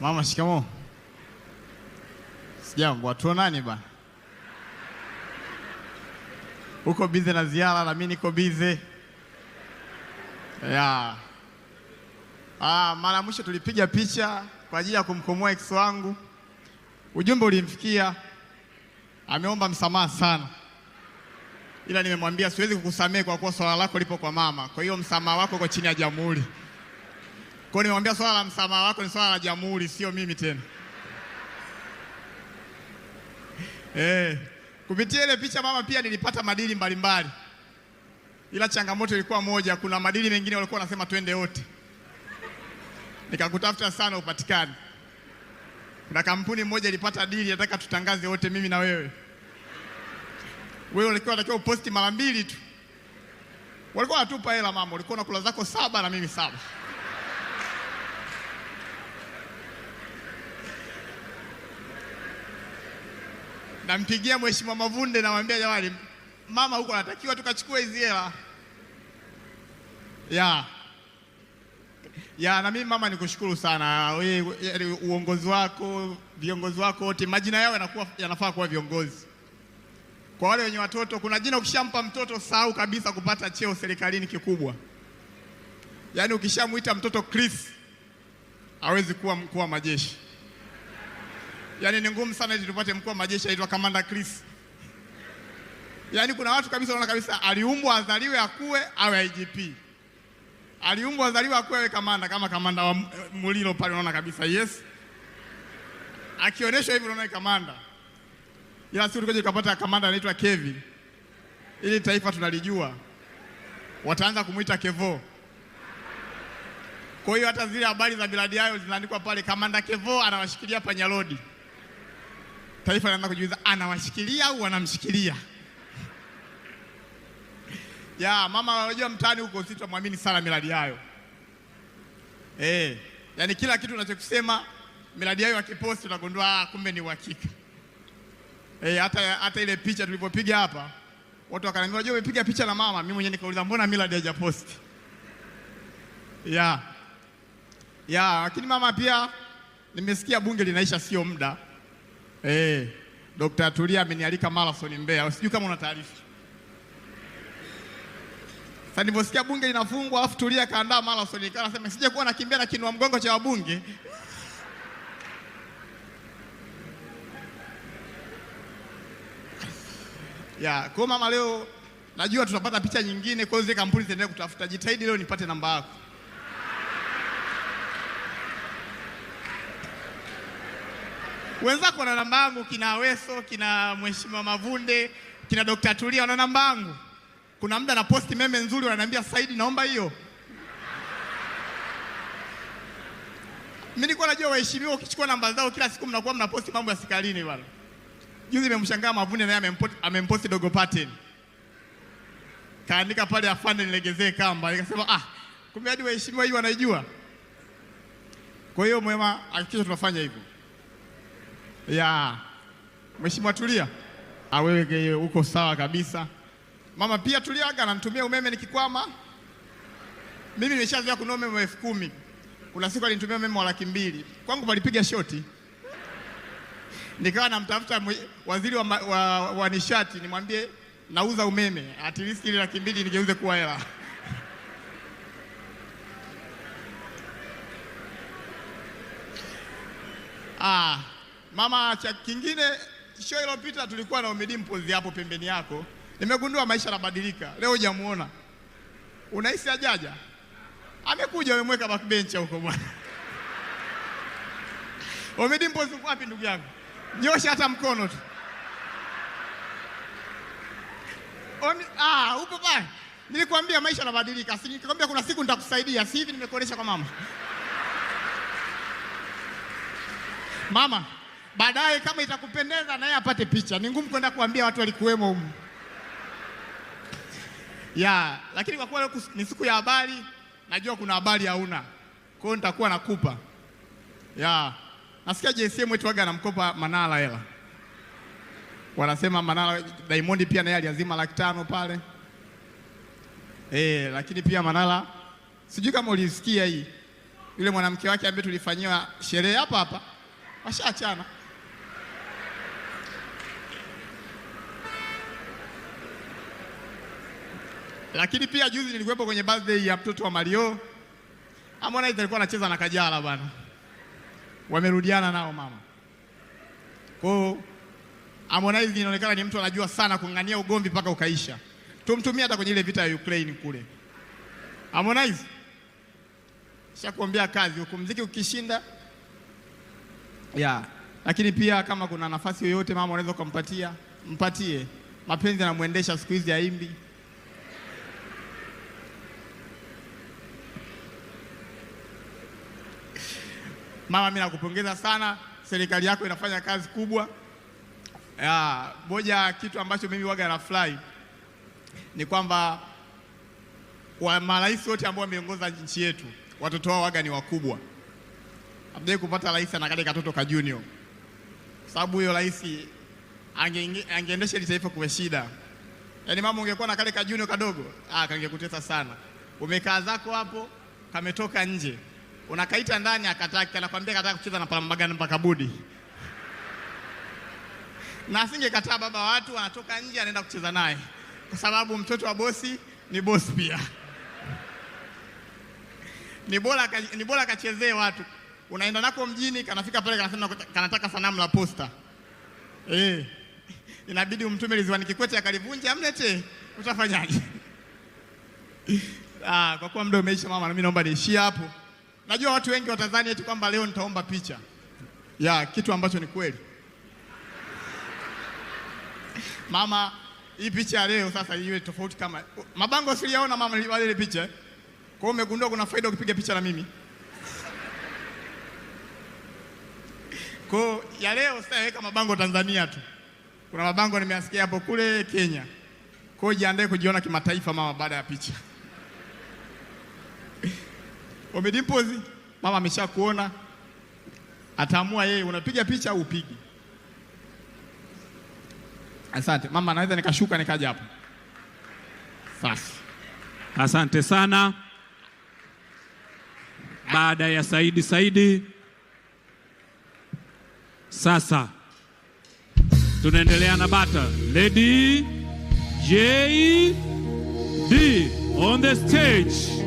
Mama, shikamoo. Sijambo, nani bana. Uko bize na ziara na mimi niko bize yeah. Ah, mara mwisho tulipiga picha kwa ajili ya kumkomoa ex wangu. Ujumbe ulimfikia, ameomba msamaha sana, ila nimemwambia siwezi kukusamehe kwa kuwa swala lako lipo kwa mama, kwa hiyo msamaha wako uko chini ya jamhuri. Kwa hiyo nimemwambia swala la msamaha wako ni swala la jamhuri, sio mimi tena. Eh, kupitia ile picha mama pia nilipata madili mbalimbali mbali. Ila changamoto ilikuwa moja, kuna madili mengine walikuwa wanasema twende wote, nikakutafuta sana upatikane. Kuna kampuni moja ilipata dili, nataka tutangaze wote, mimi na wewe. Wewe ulikuwa unatakiwa uposti mara mbili tu, walikuwa wanatupa hela mama, ulikuwa na kula zako saba na mimi saba. nampigia Mheshimiwa Mavunde, namwambia jamani, mama huko anatakiwa tukachukua hizi hela ya ya. Na mimi mama, nikushukuru sana wewe, uongozi wako, viongozi wako wote, majina yao yanakuwa yanafaa kuwa viongozi. Kwa wale wenye watoto, kuna jina ukishampa mtoto sahau kabisa kupata cheo serikalini kikubwa. Yaani ukishamwita mtoto Chris hawezi kuwa mkuu wa majeshi yaani ni ngumu sana ili tupate mkuu wa majeshi aitwa Kamanda Chris. Yaani kuna watu kabisa wanaona kabisa aliumbwa azaliwe akue awe IGP, aliumbwa azaliwe akue awe kamanda, kama kamanda wa Mulilo pale, unaona kabisa yes, akionyeshwa hivi unaona kamanda. Ila siku tulikuja tukapata kamanda anaitwa Kevin. ili taifa tunalijua, wataanza kumwita Kevo. Kwa hiyo hata zile habari za miradi yayo zinaandikwa pale, Kamanda Kevo anawashikilia panyarodi taifa linaanza kujiuliza anawashikilia au wanamshikilia? ya mama unajua mtaani huko sitamwamini sana miradi yayo eh, yani kila kitu unachokusema miradi yayo akiposti unagundua ah, kumbe ni uhakika eh, hata hata ile picha tulipopiga hapa watu wakaniambia unajua umepiga picha na mama, mimi mwenyewe nikauliza mbona miradi haijaposti? ya ya, lakini mama pia nimesikia bunge linaisha sio muda Eh, Dr. Tulia amenialika marathon Mbeya. Sijui kama una taarifa. Sasa nilivyosikia bunge linafungwa afu Tulia kaandaa marathon nikaanza sema sije kuwa nakimbia na kinua mgongo cha wabunge. Ya, kwa mama leo najua tutapata picha nyingine, kwa hiyo zile kampuni zitaendelea kutafuta. Jitahidi leo nipate namba yako. Wenzako wana namba yangu, kina Aweso, kina Mheshimiwa Mavunde, kina Dr. Tulia wana namba yangu. Kuna muda na posti meme nzuri, wananiambia Saidi, naomba hiyo. Mimi nilikuwa najua waheshimiwa, ukichukua namba zao kila siku mnakuwa mnaposti mambo ya sikalini bwana. Juzi nimemshangaa Mavunde naye amemposti Dogo pattern. Kaandika pale afande nilegezee kamba. Nikasema ah, kumbe hadi waheshimiwa hii wanaijua. Kwa hiyo mwema, hakikisha tunafanya hivyo ya Mheshimiwa Tulia. Awewe uko sawa kabisa. Mama pia Tuliaga anamtumia umeme nikikwama. Mimi nimeshazoea kununua umeme wa elfu kumi. Kuna siku alinitumia umeme wa laki mbili. Kwangu palipiga shoti. Nikawa namtafuta waziri wa, wa, wa nishati nimwambie nauza umeme at least ile laki mbili nigeuze kuwa hela. Ah. Mama, cha kingine show iliyopita tulikuwa na Umidi Mpozi hapo pembeni yako, nimegundua maisha yanabadilika. Leo hujamuona, unahisi ajaja? Amekuja, amemweka backbench huko bwana. Umidi Mpozi uko wapi ndugu yangu? Nyosha hata mkono tu. Ah, upo pale. Nilikwambia maisha yanabadilika. Si nikwambia kuna siku nitakusaidia. Si hivi nimekuonesha kwa mama. Mama baadaye kama itakupendeza na yeye apate picha. Ni ngumu kwenda kuambia watu walikuwemo humu ya, lakini kwa kuwa ni siku ya habari, najua kuna habari hauna, kwa hiyo nitakuwa nakupa ya. Nasikia JSM wetu waga anamkopa Manara hela, wanasema Manara Diamond pia naye aliazima laki tano pale eh, lakini pia Manara sijui kama ulisikia hii, yule mwanamke wake ambaye tulifanyia sherehe hapa hapa, washaachana. Lakini pia juzi nilikuwepo kwenye birthday ya mtoto wa Mario. Harmonize alikuwa anacheza na Kajala bwana, wamerudiana nao mama. Kwa hiyo Harmonize inaonekana ni mtu anajua sana kung'ania ugomvi mpaka ukaisha. Tumtumia hata kwenye ile vita ya Ukraine kule. Harmonize shakuambia kazi ukumziki mziki ukishinda yeah. Lakini pia kama kuna nafasi yoyote mama unaweza ukampatia, mpatie. Mapenzi yanamwendesha siku hizi, imbi. Mama, mimi nakupongeza sana, serikali yako inafanya kazi kubwa. Moja ya kitu ambacho mimi waga fly ni kwamba marais wote ambao wameongoza nchi yetu watoto wao waga ni wakubwa. Hamjai kupata rais anakale katoto ka junior, kwa sababu huyo rais angeendesha ange taifa kwa shida. Yaani mama, ungekuwa na kale ka junior kadogo, ah, kangekutesa sana. Umekaa zako hapo, kametoka nje Unakaita ndani akataki, anakwambia kataka kucheza na Palamagamba mpaka Budi. Na asingekataa baba, watu wanatoka nje, anaenda kucheza naye, kwa sababu mtoto wa bosi ni bosi pia. Ni bora ni bora akachezee watu. Unaenda nako mjini, kanafika pale, kanasema kanataka sanamu la posta eh, inabidi umtume Liziwani Kikwete akalivunja amlete, utafanyaje? Ah, kwa kuwa muda umeisha mama, na mimi naomba niishie hapo. Najua watu wengi watadhani eti kwamba leo nitaomba picha ya kitu ambacho ni kweli. Mama, hii picha ya leo sasa iwe tofauti kama mabango siliyaona mama nilibali ile picha. Kwa hiyo umegundua kuna faida ukipiga picha na mimi. Kwa hiyo ya leo sasa weka mabango Tanzania tu. Kuna mabango nimeasikia hapo kule Kenya. Kwa hiyo jiandae kujiona kimataifa mama baada ya picha. Umedipozi, mama ameshakuona, ataamua yeye unapiga picha au upigi. Asante mama, naweza nikashuka nikaja hapo sasa. Asante sana. Baada ya Saidi Saidi, sasa tunaendelea na battle. Lady JD on the stage.